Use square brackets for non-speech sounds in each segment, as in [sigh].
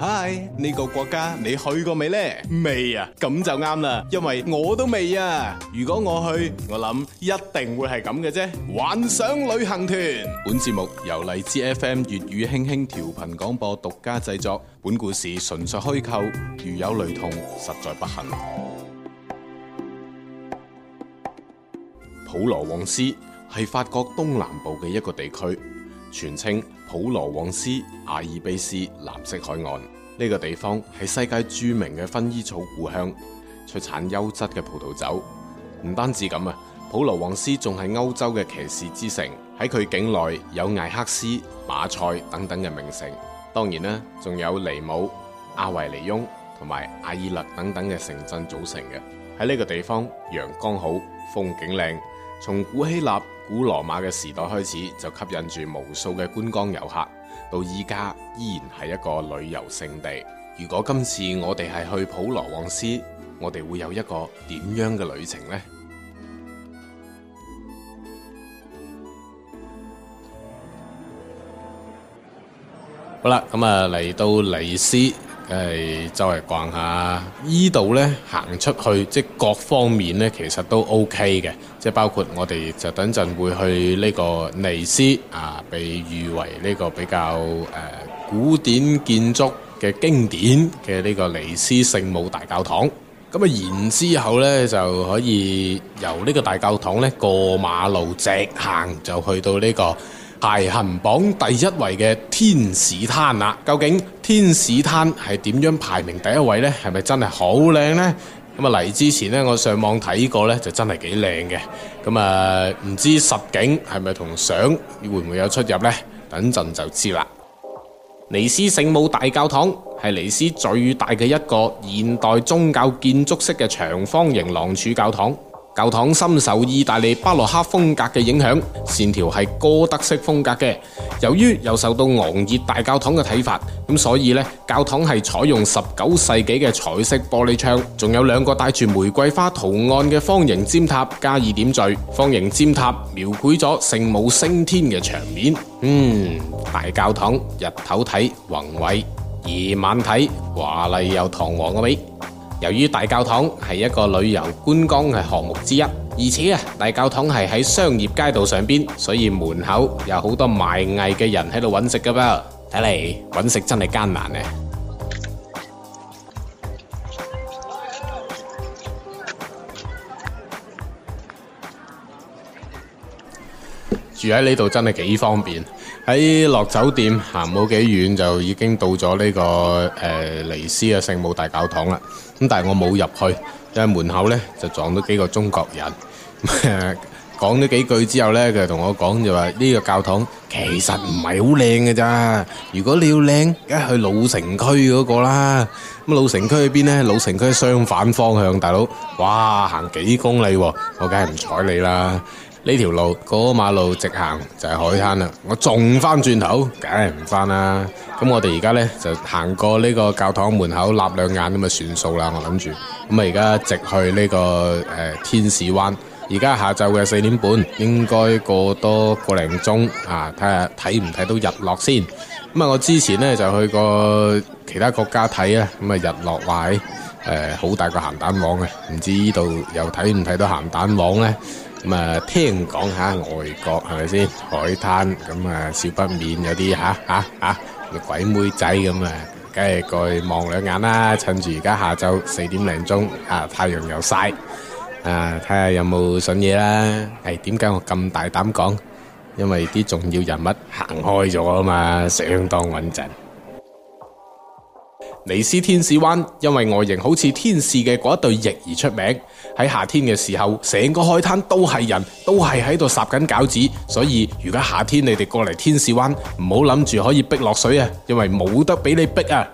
嗨，呢個國家你去過未呢？未啊，咁就啱啦，因為我都未啊。如果我去，我諗一定會係咁嘅啫。幻想旅行團。本節目由荔枝 FM 粵語輕輕調頻廣播獨家製作。本故事純屬虛構，如有雷同，實在不幸。普羅旺斯係法國東南部嘅一個地區。全稱普羅旺斯阿爾卑斯藍色海岸。呢個地方係世界著名嘅薰衣草故鄉，出產優質嘅葡萄酒。唔單止咁啊，普羅旺斯仲係歐洲嘅騎士之城。喺佢境內有艾克斯、馬賽等等嘅名城，當然啦，仲有尼姆、阿維尼翁同埋阿爾勒等等嘅城鎮組成嘅。喺呢個地方，陽光好，風景靚，從古希臘、古羅馬嘅時代開始，就吸引住無數嘅觀光遊客，到依家依然係一個旅遊勝地。如果今次我哋係去普羅旺斯，我哋會有一個點樣嘅旅程呢？好啦，咁啊嚟到尼斯。即周圍逛下，依度呢行出去，即各方面呢其實都 OK 嘅，即包括我哋就等陣會去呢個尼斯啊，被譽為呢個比較誒、呃、古典建築嘅經典嘅呢個尼斯聖母大教堂。咁啊，然之後呢，就可以由呢個大教堂呢過馬路直行就去到呢、這個。排行榜第一位嘅天使灘啦，究竟天使灘係點樣排名第一位呢？係咪真係好靚呢？咁啊，嚟之前呢，我上網睇過呢，就真係幾靚嘅。咁、嗯、啊，唔知道實景係咪同相會唔會有出入呢？等陣就知啦。尼斯聖母大教堂係尼斯最大嘅一個現代宗教建築式嘅長方形廊柱教堂。教堂深受意大利巴洛克風格嘅影響，線條係哥德式風格嘅。由於又受到昂熱大教堂嘅睇法，咁所以呢，教堂係採用十九世紀嘅彩色玻璃窗，仲有兩個帶住玫瑰花圖案嘅方形尖塔加以點綴，方形尖塔描繪咗聖母升天嘅場面。嗯，大教堂日頭睇宏偉，夜晚睇華麗又堂皇嘅美。由於大教堂係一個旅遊觀光嘅項目之一，而且啊，大教堂係喺商業街道上邊，所以門口有好多賣藝嘅人喺度揾食噶噃。睇嚟揾食真係艱難嘅啊。住喺呢度真係幾方便，喺落酒店行冇幾遠就已經到咗呢個誒尼斯啊聖母大教堂啦。咁但係我冇入去，因為門口咧就撞到幾個中國人，講咗幾句之後咧，佢同我講就話呢個教堂其實唔係好靚嘅咋。如果你要靚，梗係去老城區嗰個啦。咁老城區喺邊咧？老城區相反方向，大佬，哇行幾公里，我梗係唔睬你啦。呢條路過馬路直行就係、是、海灘啦，我仲翻轉頭梗係唔翻啦。咁我哋而家呢，就行過呢個教堂門口，立兩眼咁咪算數啦。我諗住咁啊，而家直去呢、這個誒、呃、天使灣。而家下晝嘅四點半，應該過多個零鐘啊，睇下睇唔睇到日落先。咁啊，我之前呢，就去過其他國家睇啊，咁、嗯、啊日落位誒好大個鹹蛋黃嘅，唔知呢度又睇唔睇到鹹蛋黃呢？咁、嗯、啊，聽講下外國係咪先？海灘咁啊，少、嗯、不免有啲吓吓吓，啊啊啊、鬼妹仔咁啊，梗係過去望兩眼啦。趁住而家下晝四點零鐘啊，太陽又晒啊，睇下有冇筍嘢啦。係點解我咁大膽講？因為啲重要人物行開咗啊嘛，相當穩陣。尼斯天使灣因為外形好似天使嘅嗰一對翼而出名。喺夏天嘅時候，成個海灘都係人，都係喺度烚緊餃子。所以如果夏天你哋過嚟天使灣，唔好諗住可以逼落水啊，因為冇得俾你逼啊。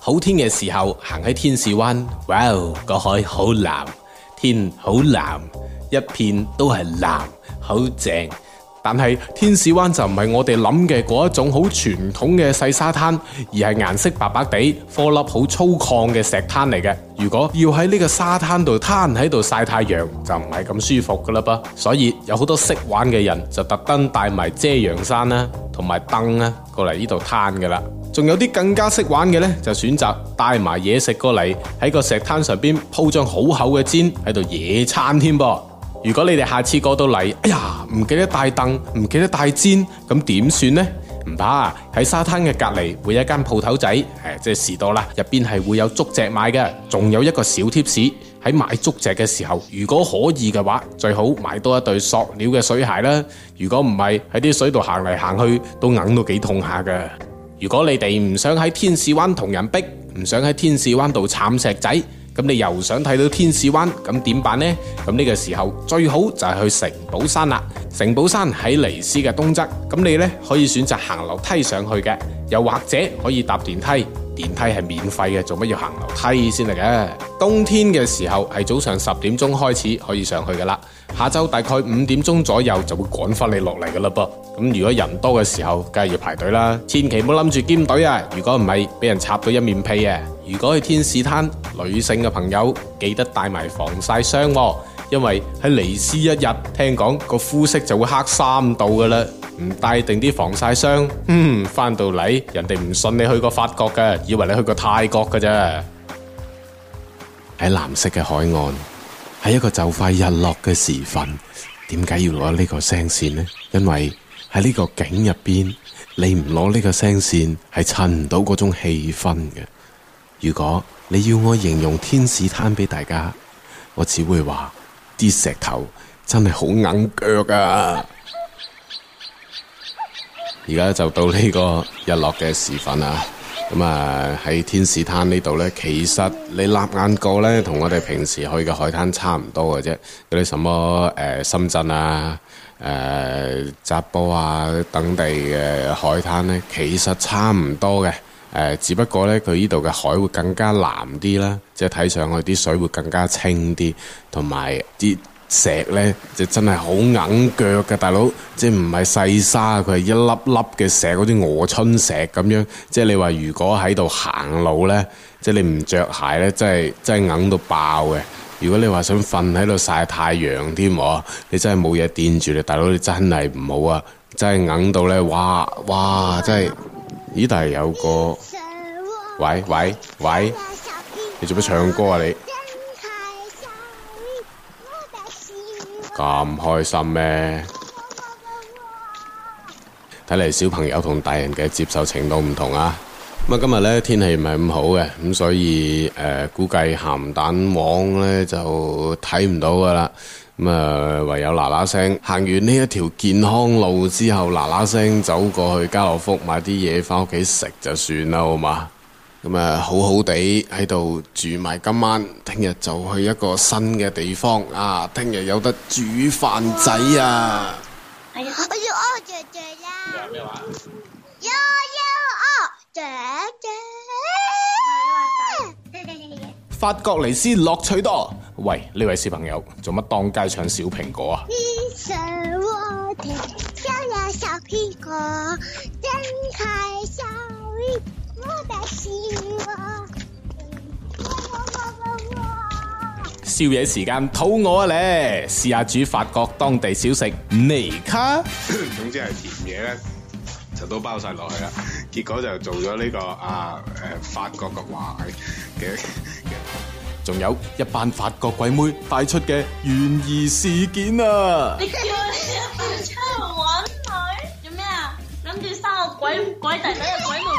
好天嘅時候，行喺天使灣，哇哦，個海好藍，天好藍，一片都係藍，好正。.但係天使灣就唔係我哋諗嘅嗰一種好傳統嘅細沙灘，而係顏色白白哋、顆粒好粗獷嘅石灘嚟嘅。如果要喺呢個沙灘度攤喺度曬太陽，就唔係咁舒服噶啦噃。所以有好多識玩嘅人就特登帶埋遮陽傘啦，同埋凳啦，過嚟呢度攤噶啦。仲有啲更加識玩嘅咧，就選擇帶埋嘢食過嚟，喺個石灘上邊鋪張好厚嘅氈喺度野餐添噃。如果你哋下次過到嚟，哎呀，唔記得帶凳，唔記得帶煎，咁點算呢？唔怕，喺沙灘嘅隔籬會有一間鋪頭仔，誒，即係士多啦，入邊係會有竹席買嘅。仲有一個小貼士，喺買竹席嘅時候，如果可以嘅話，最好買多一對塑料嘅水鞋啦。如果唔係喺啲水度行嚟行去，都硬到幾痛下㗎。如果你哋唔想喺天使灣同人逼，唔想喺天使灣度剷石仔。咁你又想睇到天使灣，咁點辦呢？咁呢個時候最好就係去城堡山啦。城堡山喺尼斯嘅東側，咁你呢，可以選擇行樓梯上去嘅，又或者可以搭電梯。電梯係免費嘅，做乜要行樓梯先嚟㗎？冬天嘅時候係早上十點鐘開始可以上去㗎啦，下晝大概五點鐘左右就會趕翻你落嚟㗎啦噃。咁如果人多嘅時候，梗係要排隊啦，千祈唔好諗住兼隊啊！如果唔係，俾人插到一面屁啊！如果去天使灘，女性嘅朋友記得帶埋防曬霜哦，因為喺尼斯一日，聽講個膚色就會黑三度噶啦，唔帶定啲防曬霜，嗯，翻到嚟人哋唔信你去過法國㗎，以為你去過泰國噶啫。喺藍色嘅海岸，喺一個就快快日落嘅時分，點解要攞呢個聲線呢？因為喺呢個景入邊，你唔攞呢個聲線係襯唔到嗰種氣氛嘅。如果你要我形容天使灘俾大家，我只會話啲石頭真係好硬腳啊！而家就到呢個日落嘅時分啊。咁、嗯、啊，喺天使灘呢度呢，其實你立眼過呢，同我哋平時去嘅海灘差唔多嘅啫。嗰啲什麼誒、呃、深圳啊、誒閘坡啊等地嘅海灘呢，其實差唔多嘅。誒、呃，只不過呢，佢呢度嘅海會更加藍啲啦，即係睇上去啲水會更加清啲，同埋啲，石呢，就真係好硬腳㗎，大佬，即係唔係細沙，佢係一粒粒嘅石，嗰啲鵝春石咁樣。即係你話如果喺度行路呢，即係你唔着鞋呢，真係真係硬到爆嘅。如果你話想瞓喺度曬太陽添，哦，你真係冇嘢墊住你，大佬你真係唔好啊，真係硬到呢。哇哇，真係，咦，但係有個，喂喂喂，你做乜唱歌啊你？咁開心咩？睇嚟小朋友同大人嘅接受程度唔同啊。咁啊，今日呢，天氣唔係咁好嘅，咁所以誒、呃、估計鹹蛋黃呢就睇唔到噶啦。咁、嗯、啊，唯有嗱嗱聲行完呢一條健康路之後，嗱嗱聲走過去家樂福買啲嘢返屋企食就算啦，好嘛？咁、嗯、啊，好好地喺度住埋今晚，聽日就去一個新嘅地方啊！聽日有得煮飯仔啊！哎、呀我要屙姐姐啦！有咩話？要要屙姐姐。法國尼斯樂趣多。喂，呢位小朋友，做乜當街唱小蘋果啊？地上挖起，想要小蘋果，睜開小宵夜時間肚餓咧，試下煮法國當地小食尼卡。總之係甜嘢咧，就都包晒落去啦。結果就做咗呢個啊誒法國嘅話嘅。仲有一班法國鬼妹帶出嘅懸疑事件啊！你叫你阿媽出去玩咪？做咩啊？諗住三個鬼鬼仔，乜嘢鬼物？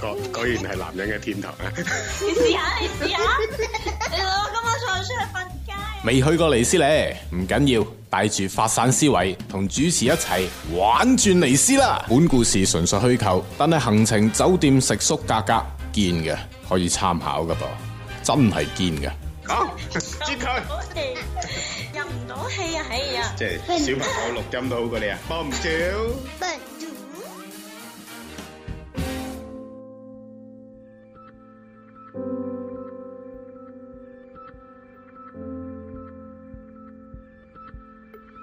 果，果然係男人嘅天堂 [laughs] 試試天啊！你試下你試下，我今晚仲要出去瞓街。未去過尼斯咧，唔緊要，帶住發散思維同主持一齊玩轉尼斯啦！本故事純屬虛構，但係行程、酒店、食宿價格堅格嘅，可以參考噶噃，真係堅嘅。好接佢入唔到戲啊，係啊！即係、就是、小朋友錄音都好過你啊，幫唔照。